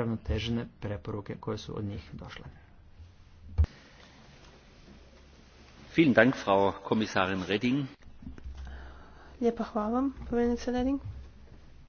uravnotežene preporuke koje su od njih došle. Vielen Dank, Frau Kommissarin Redding. Lijepa hvala vam, Redding.